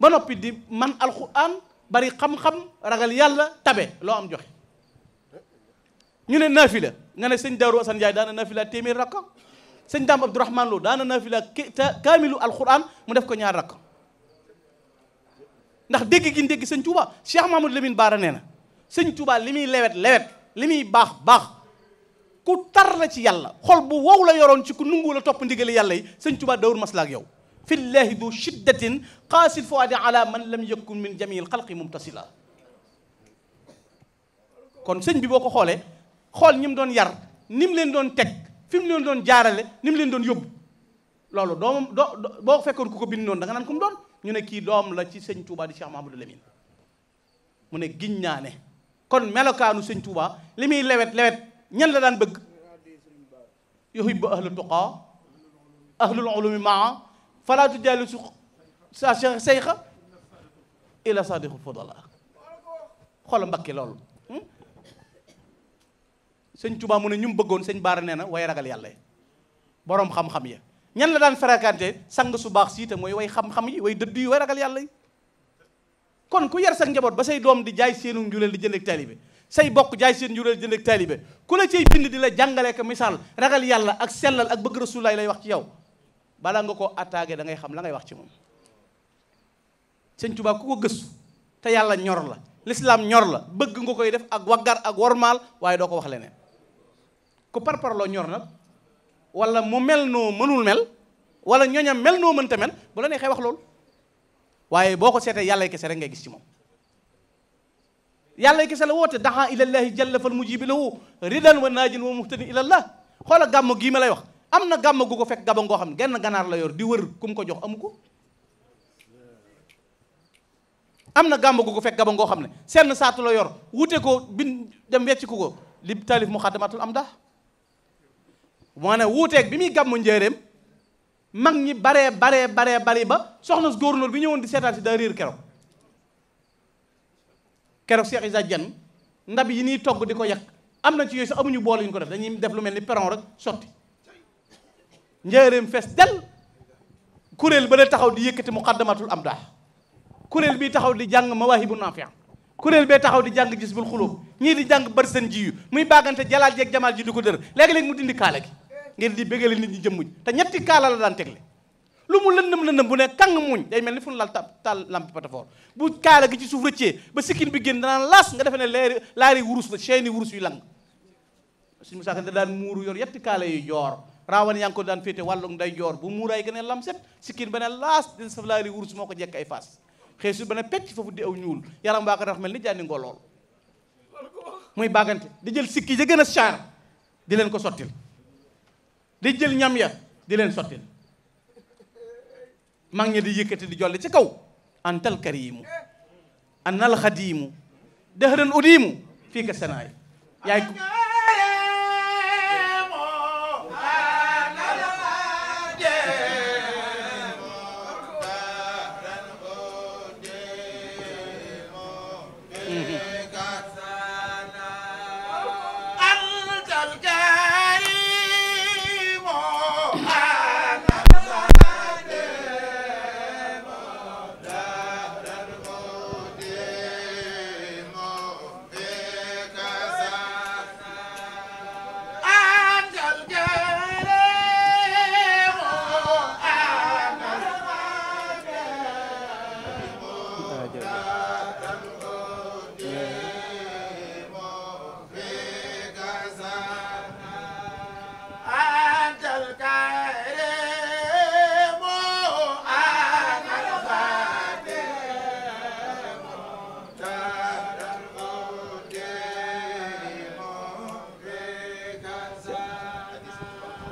ba noppi di man alquran bari xam-xam ragal yàlla tabe loo am joxe ñu ne naafila nga ne sëñ Daaru Asan Njaay daana naafila téeméer rakka sëñ Daam Abdourahman Lo daana naafila kaamilu alquran mu def ko ñaar rakka ndax dégg gi dégg sëñ Touba Cheikh Mamadou Lamine Baara nee na sëñ Touba li muy lewet lewet li muy baax baax ku tar la ci yàlla xool bu wow la yoroon ci ku nungu la topp ndigali yàlla yi sëñ Touba dawur masla ak yow fillahi du shiddatin xaasil fuadi la man lam yakun min jamil xalqi mumtasila kon sëñ bi boo ko xoolee xool ñi mu doon yar ni mu leen doon teg fi mu leen doon jaarale ni mu leen doon yóbbu loolu doomam doo boo fekkoon ku ko bind noon da nga naan ku mu doon ñu ne kii doom la ci sëñ Touba di Cheikh Mahamadou Lamine mu ne giñ naa ne kon melokaanu sëñ tuubaa li muy lewet lewet ñan la daan bëgg yuhibbu ahlu tuqaa ahlul ulumi maa fala tujaalisu sa sayxa ila saadiqul fudala xoola mbakke loolu hmm? sëñ Touba mu ne ñu mu bëggoon sëñ Baara nee na waaye ragal yàlla boroom xam-xam ya ñan la daan fréquenté sang su baax siite mooy way xam-xam yi way dëdd yi way ragal yàlla yi kon ku yar sa njaboot ba say doom di jaay seenu njuleel di jënd ak taalibe say bokk jaay seen njuleel di jënd ak taalibe ku la ciy bind di la jàngale ko misaal ragal yàlla ak sellal ak bëgg rasulaay lay wax ci yow balaa nga koo attaqué da ngay xam la ngay wax ci moom sëñ Tuubaa ku ko gëstu te yàlla ñor la lislaam ñor la bëgg nga koy def ak waggar ak wormaal waaye doo ko wax leneen ñor nag wala mu mel noo mënul mel wala ñooñam mel noo mënta mel bu la neexee wax loolu waaye boo ko seetee yàlla kese rek ngay gis ci moom yàlla kese la woote daxa la jalla fal mujibi lahu ridan wa naajin wa muhtadin ilallah xoola gàmm gii ma lay wax am na gàmm gu ko fekk gabon ngoo xam ne genn ganaar la yor di wër ku ko jox amu ko na gàmm gu ko fekk gabon xam ne seen saatu la yor wute ko bin dem wecc ko li taalif muxaddamatul am daa moo ne wuuteeg bi muy gàmmu njëreem mag ñi bare baree baree bari ba soxna góornóor bi ñëwoon di seetaan si daa riir keroog keroog Cheikh Issa Dieng ndab yi nii togg di ko yàq am na ci yooyu sax amuñu bool yu ñu ko def dañuy def lu mel ni peron rek sotti njëreem fees del kuréel ba la taxaw di yëkkati muqaddamatul am daax kuréel bii taxaw di jàng mawaahibu naafiya kuréel bee taxaw di jàng gis bul xulóob ñii di jàng bari seen ji yu muy bàggante jalaal jeeg jamaal ji di ko dër léegi-léegi mu dindi kaala gi ngir di bégale nit ñi jëmmuñ te ñetti kaala la daan tegle lu mu lëndëm lëndëm bu ne kàng muñ day mel ni fu nu lal taal lampe patafoor bu kaala gi ci suuf rëccee ba sikkin bi génn danaan laas nga defee ne leeri laari wurus la chaîne yi wurus yu lang suñu musaaka da daan muuru yor yetti kaala yu joor raawan yaa ngi ko daan féete wàllug nday joor bu muuraay gën a lam set sikkin ba ne laas dina saf laari wurus moo ko jekk ay faas xeesu ba ne pecc foofu di aw ñuul yaram baa ko tax mel ni jaani ngolool muy bàggante di jël ja gën a char di leen ko sottil di jël ñam ya di leen sottil mag ñi di yëkkati di jolli ci kaw antal kariimu annal xadiimu dëhëran udiimu fii ka sanaay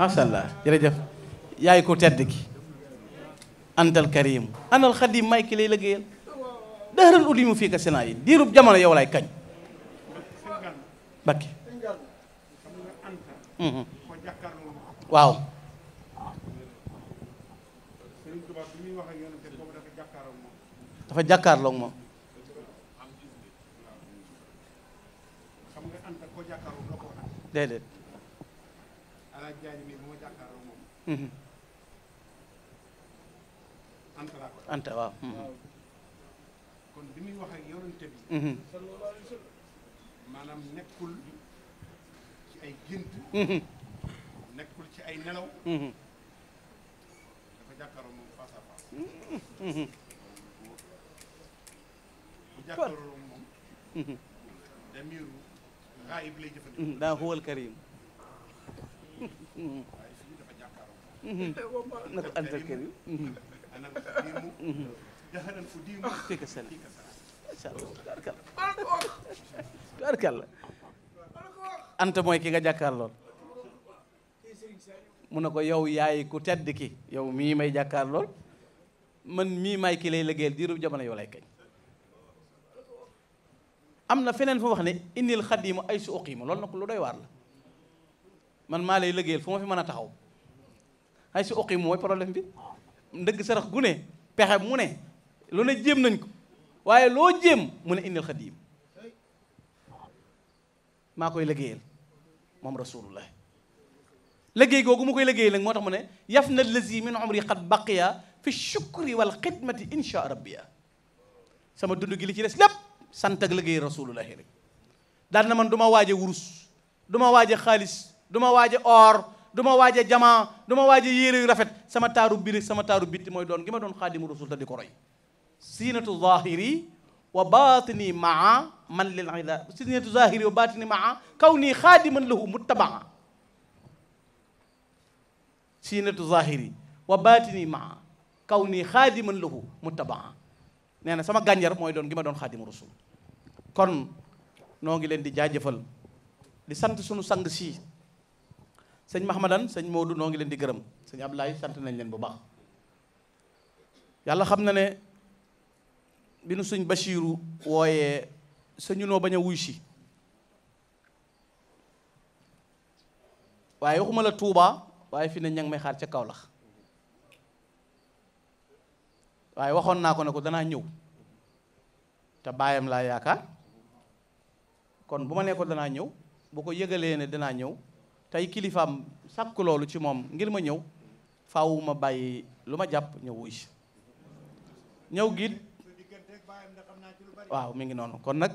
macha allah jërëjëf yaay ko tedd gi antal karim anal xadim may ki lay liggéeyal dëxëral udi mu fii ka sénat yi diirub jamono yow lay kañ bakki mm-hmm. waaw dafa jàkkaarloog moom déedéet Mm-hmm. anta mm-hmm. waaw kon bi muy wax ak yonent bi mm-hmm. maanaam nekkul ci ay gént nekkul ci ay nelaw dafa jàkkaaroo moom face à face bu jàkkaaroo moom damiru gaayib lay jëfandikoo daa huwal karim (laughs) nako antal karim jahanan ko dimu fika sala tubaarkalla tubaarkalla anta mooy ki nga jàkkaar mu ne ko yow yaay yow mii may jàkkaar lool man mii may ki lay liggéeyal diirub jamono yow lay kañ am na feneen fu wax ne indil xadimu ay su uqiima loolu nag lu doy waar la man maa lay liggéeyal fu ma mën a taxaw ay si uqi mooy problème bi dëgg sarax gu ne pexe mu ne lu ne jéem nañ ko waaye loo jéem mu ne indil xadiim maa koy liggéeyal moom rasulullah liggéey googu mu koy liggéeyal nag moo tax mu ne yaf na lazi min umri qad baqiya fi shukri wal xidmati insha rabbiya sama dund gi li ci des lépp sant ak liggéey rasulullahi rek daal na man du waaje wurus du waaje xaalis du waaje or du ma waaje jamaa du ma waaje yére yu rafet sama taaru biir sama taaru bitti mooy doon gi ma doon xaadimu rasul ta di ko roy siinatu zahiri wa batini ma man lil ida siinatu zahiri wa batini maa kaw nii xaadiman lahu muttabaa siinatu zahiri wa batini maa kaw nii xaadiman lahu muttabaa nee na sama gànjar mooy doon gi ma doon xaadimu rasul kon noo ngi leen di jaajëfal di sant sunu sang si sëñ Mahamadan sëñ Modou noo ngi leen di gërëm sëñ Ablaye sant nañ leen bu bax yàlla xam na ne bi nu sëñ Bachiru wooyee sëñu noo bañ a wuy si waaye waxuma la Touba waaye fi ne ña may xaar ca kaw lax waaye waxoon naa ko ne ko danaa ñëw te baayam laa yaakaar kon bu ma nee ko danaa ñëw boo ko yëgalee ne danaa ñëw tey kilifaam sàkk loolu ci moom ngir ma ñëw faaw ma bàyyi lu ma jàpp ñëw wuy ñëw giit waaw mi ngi noonu kon nag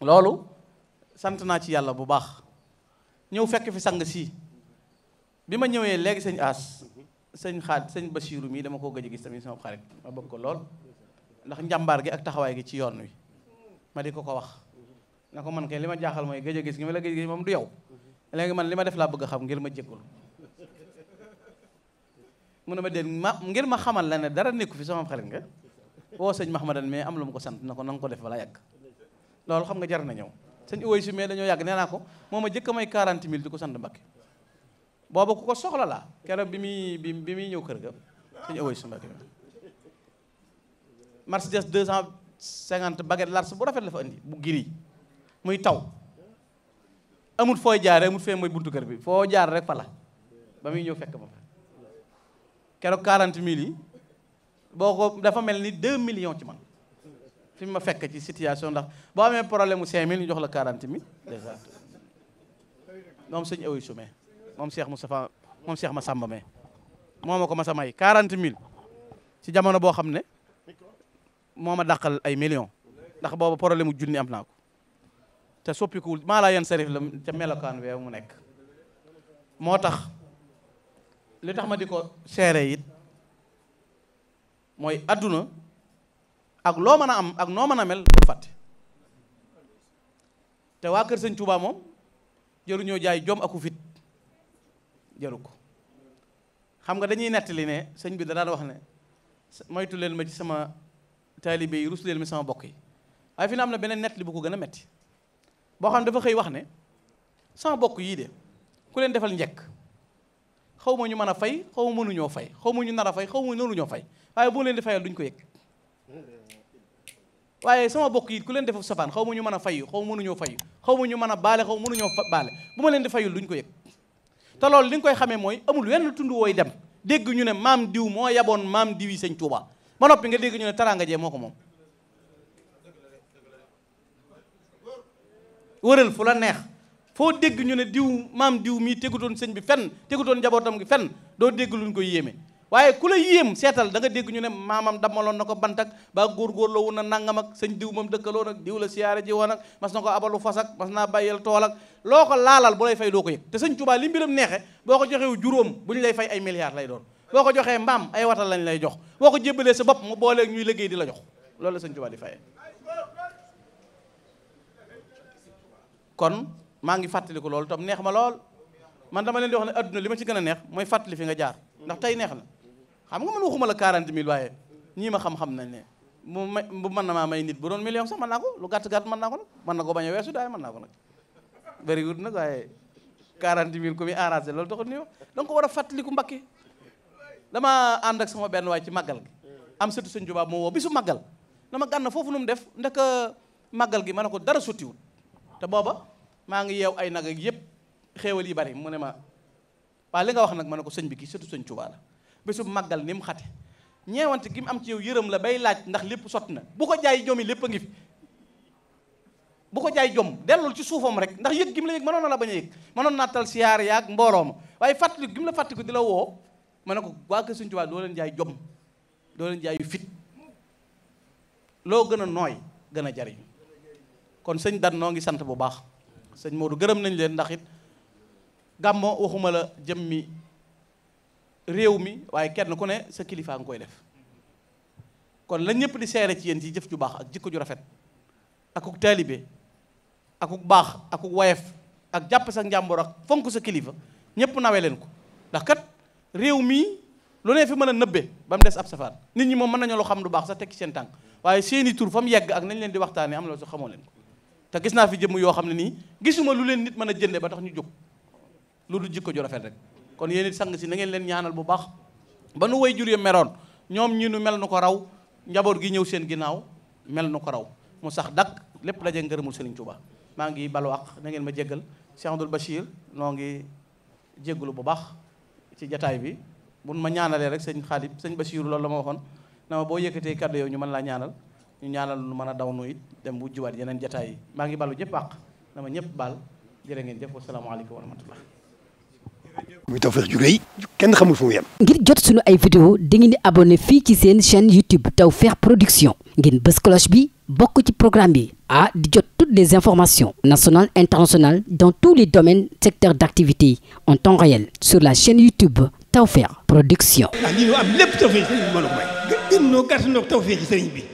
loolu sant naa ci yàlla bu baax ñëw fekk fi sang si bi ma ñëwee léegi sañ aas sëñ xaat sëñ Basiiru mii dama ko gëj a gis tamit sama xarit ma bëgg ko lool ndax njàmbaar gi ak taxawaay gi ci yoon wi ma di ko ko wax na ko man kay li ma jaaxal mooy gëj a gis gi ma la gëj gis moom du yow léegi man li ma def laa bëgg a xam ngir ma jéggul mun ne ma déet ma ngir ma xamal la ne dara nekku fi sama xarit nga woo sëñ Mahamadan mais am lu ma ko sant na ko na nga ko def balaa yàgg loolu xam nga jar na ñëw sëñ Uway si mais dañoo yàgg nee naa ko moo ma jëkk may 40 mille di ko sant Mbàkke booba ku ko soxla la keroog bi muy bi bi muy ñëw kër ga sëñ Uway si Mbàkke Mercedes 250 baguette large bu rafet la fa indi bu giri muy taw amul fooy jaare amul fee mooy buntu kër bi foo jaar rek fa la ba muy ñëw fekk ma fa keroog quarante mille yi boo ko dafa mel ni deux million ci man fi ma fekk ci situation ndax boo amee problème mu cinq mille ñu la quarante mille déjà moom sëñ awi sumee moom Cheikh Moustapha moom Cheikh Massamba Mé moo ma ko ma sa may quarante mille ci jamono boo xam ne moo ma daqal ay millions ndax boobu problème mu junni am naa ko te soppikuwul maa laa yan sarif la ca melokaan weew mu nekk moo tax li tax ma di ko seere it mooy àdduna ak loo mën a am ak noo mën a mel bul fàtte te waa kër sëñ Touba moom jëruñoo jaay jom aku fit jëru ko xam nga dañuy nettali ne sëñ bi da daan wax ne moytu leen ma ci sama taalibe yi rus leen mi sama bokk yi waaye fi na am na beneen nettali bu ko gën a metti boo xam ne dafa xëy wax ne sama bokk yii de ku leen defal njekk xaw ma ñu man a fay xaw ma mënuñoo fay xaw ma ñu nar a fay xaw ma mënuñoo fay waaye boo leen di duñ ko yëg waaye sama bokk yi ku leen def safaan xaw ma ñu mën a fayu xaw ma mënuñoo xaw ma ñu mën a baale xaw ma bu ma leen di fayul duñ ko yëg te loolu li nga koy xamee mooy amul wenn tund wooy dem dégg ñu ne maam diw moo yaboon maam diw yi sëñ Tuuba ba noppi nga dégg ñu ne teraanga jee moo ko moom wëral fu la neex foo dégg ñu ne diw maam diw mii tegutoon sëñ bi fenn tegutoon njabootam gi fenn doo dégg luñ ko yéeme waaye ku la yéem seetal da dégg ñu ne maamam dammaloon na ko bantak ba góorgóorloo wu a nangam ak sëñ diw moom dëkkaloon ak diw la siyaare ji woon ak mas na ko abalu fas ak mas naa bàyyel tool ak loo ko laalal bu lay fay doo ko yëg te sëñ Tuubaa li mbiram neexe boo ko joxewu juróom bu ñu lay fay ay milliards lay doon boo ko joxee mbaam ay watal lañ lay jox boo ko jébbalee sa bopp mu boolee ñuy liggéey di la jox loolu la sëñ Tuubaa kon maa ngi fàttaliku loolu tam neex ma lool man dama leen di wax ne àdduna li ma ci gën a neex mooy fàttali fi nga jaar ndax tey neex na xam nga man waxuma la 40 mille waaye ñii ma xam-xam nañ ne mu may mu mën na maa may nit bu doon million sax mën naa ko lu gàtt gàtt man naa ko nag mën na ko bañ a weesu daay mën naa ko nag bëri wut nag waaye 40 000 ku muy arrangé loolu taxul nii da nga ko war a fàttaliku mbakke dama ànd ak sama benn waay ci màggal gi am sëtu sëñ Juba moo woo bisu màggal dama gànn foofu nu def ndaka màggal gi ma ne ko dara sottiwut te booba maa ngi yeew ay nag ak yëpp xéewal yi bari mu ne ma waaw li nga wax nag ma ne ko sëñ bi kii surtout sëñ Tuubaa la bésub màggal ni mu xate ñeewante gi mu am ci yow yërëm la bay laaj ndax lépp sot na bu ko jaay jomi lépp a ngi fi bu ko jaay jom dellul ci suufam rek ndax yëg gi mu la yëg mënoon na la bañ a yëg mënoon naa tal siyaar yaag mbooloo ma waaye fàttali gi mu la fàttaliku di la woo ma ne ko waa kër sëñ Tuubaa doo leen jaay jom doo leen jaay fit loo gën a nooy gën a jariñ kon sëñ Dan noo ngi sant bu baax sëñ Modou gërëm nañ leen ndax it gàmmo waxuma la jëm mi réew mi waaye kenn ku ne sa kilifaa ngi koy def kon la ñëpp di seere ci yéen ci jëf ju baax ak jikko ju rafet ak akuk taalibe akuk baax akuk wayef ak jàpp sa njàmbur ak fonk sa kilifa ñëpp nawee leen ko ndax kat réew mii lu ne fi mën a nëbbe ba mu des ab safaan nit ñi moom mën nañu loo xam lu baax sax tekki seen tànk waaye seeni tur fa mu yegg ak nañ leen di waxtaanee am na xamoo leen te gis naa fi jëmm yoo xam ne nii gisuma lu leen nit mën a jënde ba tax ñu jóg lu du jikko ju rafet rek kon yéen it sang si na ngeen leen ñaanal bu baax ba nu way jur ya meloon ñoom ñi nu mel nu ko raw njaboot gi ñëw seen ginnaaw mel nu ko raw mu sax dakk lépp daje ngërëmul Sëriñ Tuuba maa ngi balu ak na ngeen ma jéggal Cheikh Abdoul Bachir noo ngi lu bu baax ci jataay bi bun ma ñaanalee rek sëñ Xaalib sëñ Bachir loolu la ma waxoon na ma boo yëkkatee kàddu yow ñu mën laa ñaanal ñu ñaanal nu mën a daw nu it dem bu jiwaat yeneen jataay yi maa ngi balu ñëpp àq dama ñëpp baal jërë ngeen jëf wasalaamaaleykum wa rahmatullah muy Tawfekh ju rëy kenn xamul fu mu yem ngir jot suñu ay vidéo di ngeen di abonné fii ci seen chaîne YouTube Tawfekh Production ngeen bës cloche bi bokk ci programme bi ah di jot toutes des informations national internationales dans tous les domaines secteurs d'activité en temps réel sur la chaîne YouTube Tawfekh Production. ah lii